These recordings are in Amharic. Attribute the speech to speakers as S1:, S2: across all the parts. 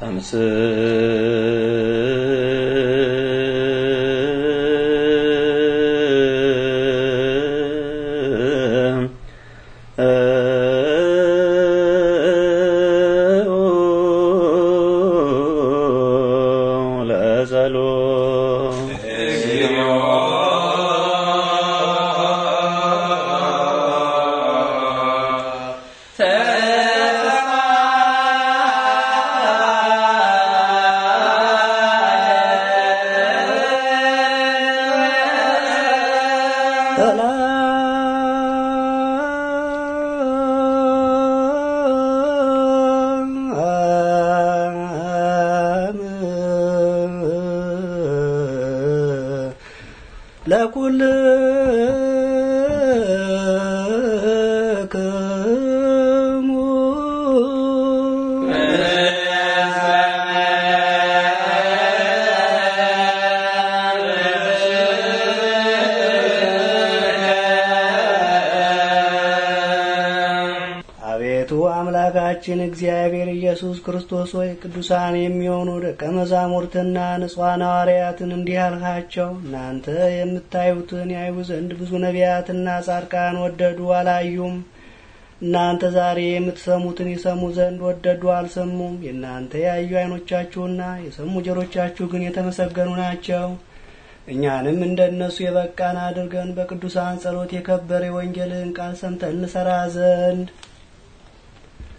S1: 他是。
S2: አምላካችን እግዚአብሔር ኢየሱስ ክርስቶስ ሆይ ቅዱሳን የሚሆኑ ደቀ መዛሙርትና ንጹሐን ሐዋርያትን እንዲህ አልካቸው፣ እናንተ የምታዩትን ያዩ ዘንድ ብዙ ነቢያትና ጻድቃን ወደዱ፣ አላዩም። እናንተ ዛሬ የምትሰሙትን ይሰሙ ዘንድ ወደዱ፣ አልሰሙም። የእናንተ ያዩ ዓይኖቻችሁና የሰሙ ጆሮቻችሁ ግን የተመሰገኑ ናቸው። እኛንም እንደ እነሱ የበቃን አድርገን በቅዱሳን ጸሎት የከበረ ወንጌልን ቃል ሰምተን እንሰራ ዘንድ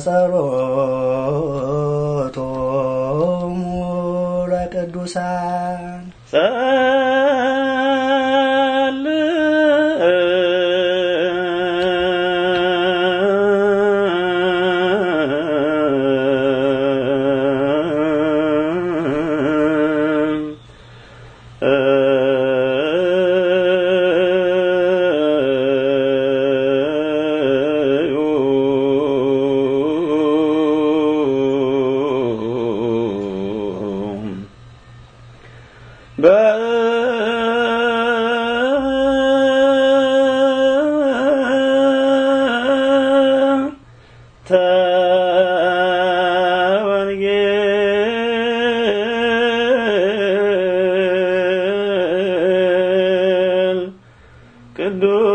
S2: さろう
S1: 너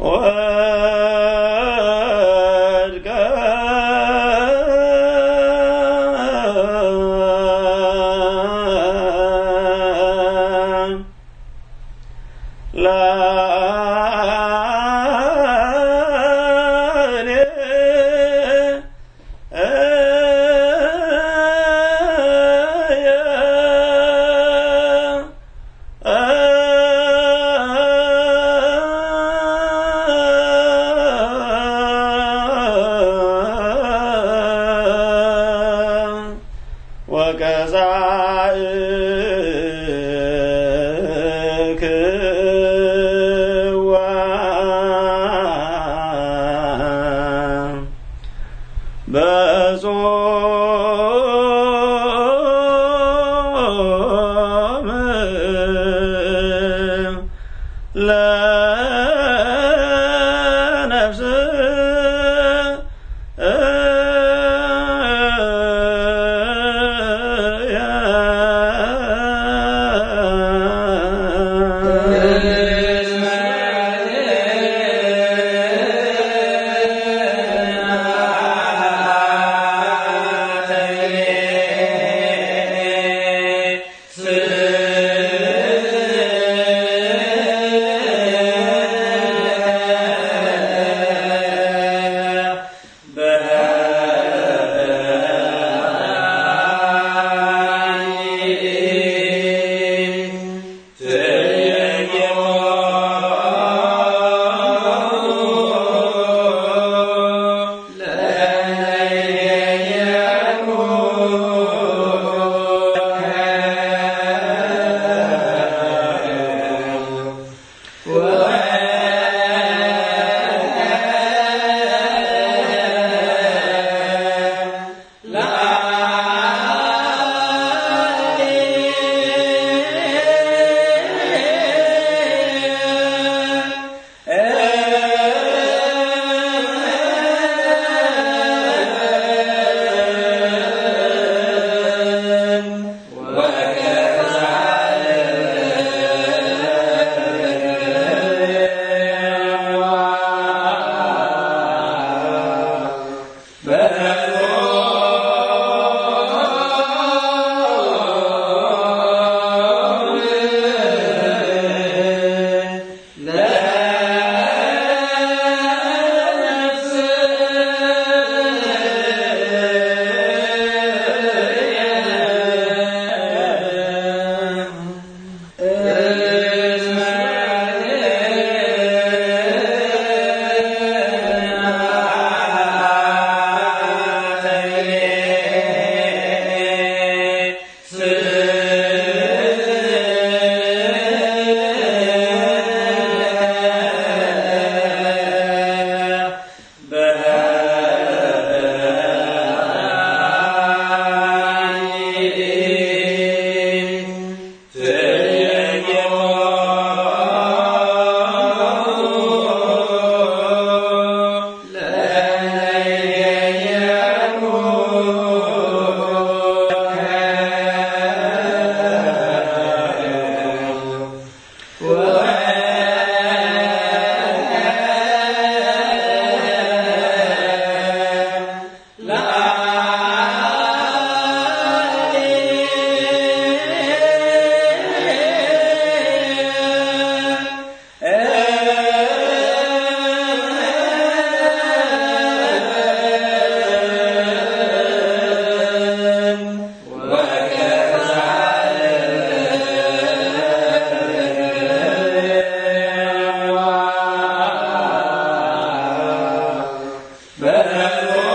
S1: What. Oh, Hallelujah.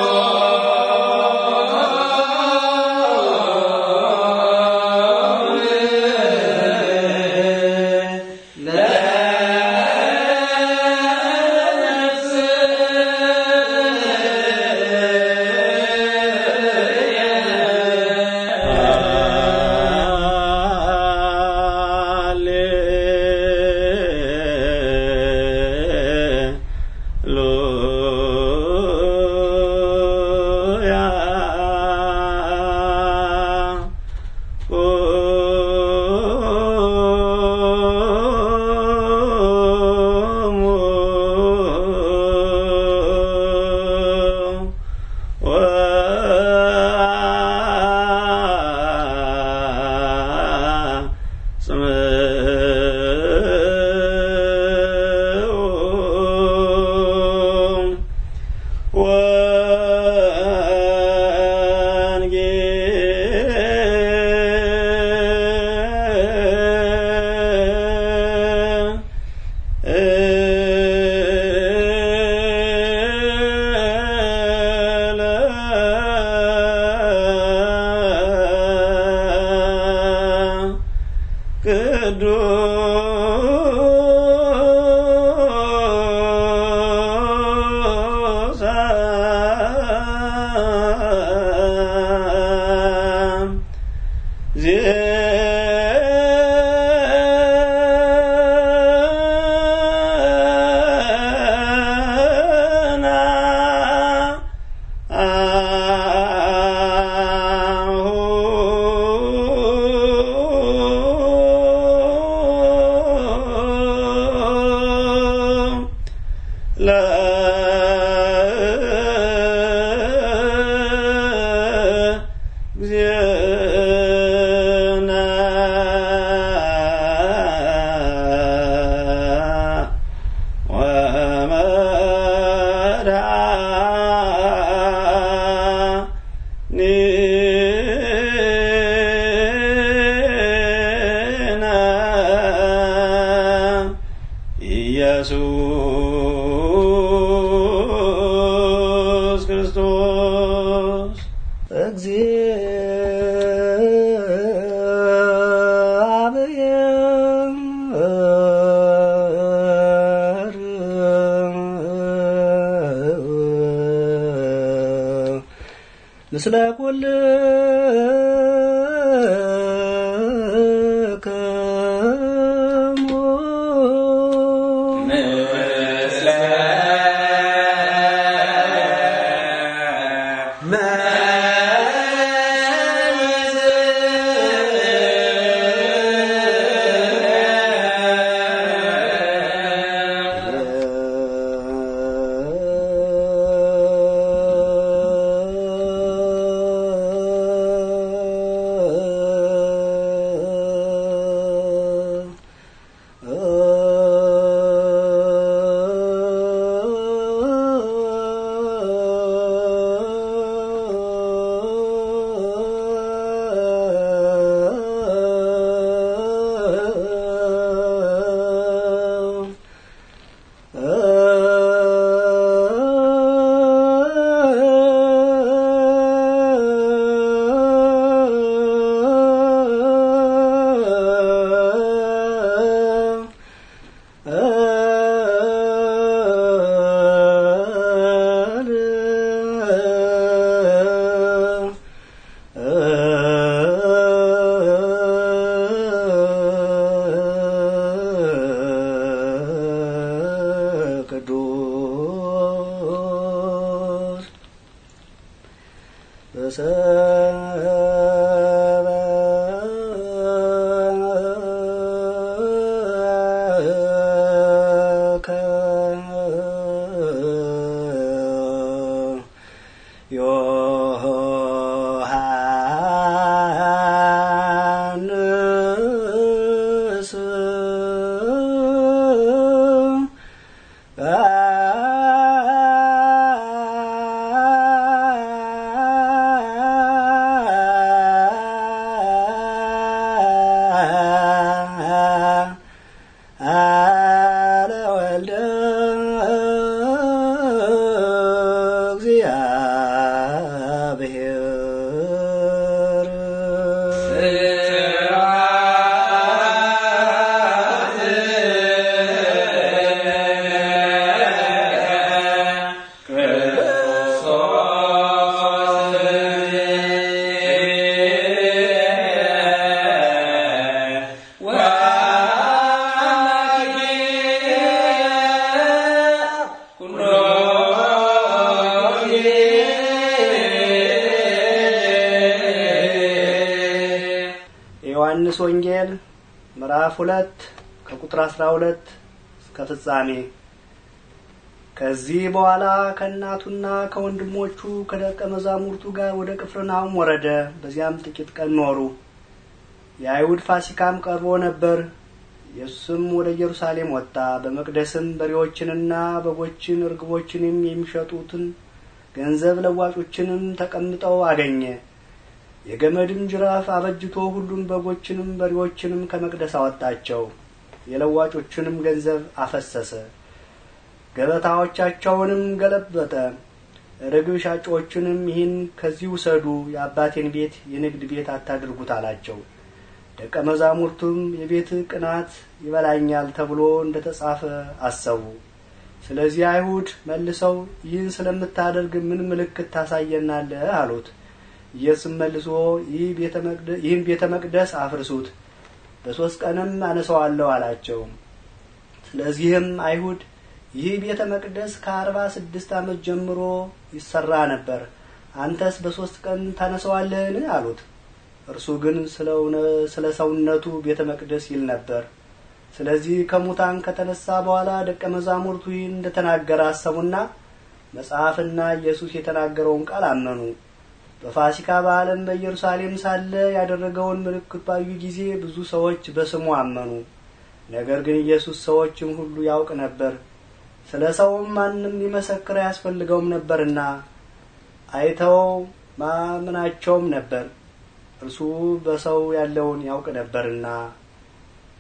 S1: ምስለ ኩል
S2: ወንጌል ምዕራፍ ሁለት ከቁጥር አስራ ሁለት እስከ ፍጻሜ ከዚህ በኋላ ከእናቱና ከወንድሞቹ ከደቀ መዛሙርቱ ጋር ወደ ቅፍርናሆም ወረደ። በዚያም ጥቂት ቀን ኖሩ። የአይሁድ ፋሲካም ቀርቦ ነበር። ኢየሱስም ወደ ኢየሩሳሌም ወጣ። በመቅደስም በሬዎችንና በጎችን እርግቦችንም የሚሸጡትን ገንዘብ ለዋጮችንም ተቀምጠው አገኘ። የገመድን ጅራፍ አበጅቶ ሁሉን በጎችንም በሬዎችንም ከመቅደስ አወጣቸው። የለዋጮቹንም ገንዘብ አፈሰሰ፣ ገበታዎቻቸውንም ገለበጠ። ርግብ ሻጮችንም ይህን ከዚህ ውሰዱ፣ የአባቴን ቤት የንግድ ቤት አታድርጉት አላቸው። ደቀ መዛሙርቱም የቤት ቅናት ይበላኛል ተብሎ እንደ ተጻፈ አሰቡ። ስለዚህ አይሁድ መልሰው ይህን ስለምታደርግ ምን ምልክት ታሳየናለህ? አሉት። ኢየሱስ መልሶ ይህን ቤተ መቅደስ አፍርሱት፣ በሶስት ቀንም አነሳዋለሁ አላቸው። ስለዚህም አይሁድ ይህ ቤተ መቅደስ ከአርባ ስድስት ዓመት ጀምሮ ይሰራ ነበር፣ አንተስ በሶስት ቀን ታነሳዋለህን አሉት። እርሱ ግን ስለ ሰውነቱ ቤተ መቅደስ ይል ነበር። ስለዚህ ከሙታን ከተነሳ በኋላ ደቀ መዛሙርቱ ይህን እንደተናገረ አሰቡና መጽሐፍና ኢየሱስ የተናገረውን ቃል አመኑ። በፋሲካ በዓለም በኢየሩሳሌም ሳለ ያደረገውን ምልክት ባዩ ጊዜ ብዙ ሰዎች በስሙ አመኑ። ነገር ግን ኢየሱስ ሰዎችን ሁሉ ያውቅ ነበር፣ ስለ ሰውም ማንም ሊመሰክር አያስፈልገውም ነበርና አይተው ማምናቸውም ነበር። እርሱ በሰው ያለውን ያውቅ ነበርና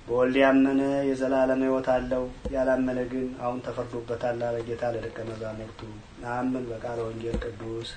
S2: በወልድ ያመነ የዘላለም ሕይወት አለው፣ ያላመነ ግን አሁን ተፈርዶበታል አለ ጌታ ለደቀ መዛሙርቱ። ናምን በቃለ ወንጌል ቅዱስ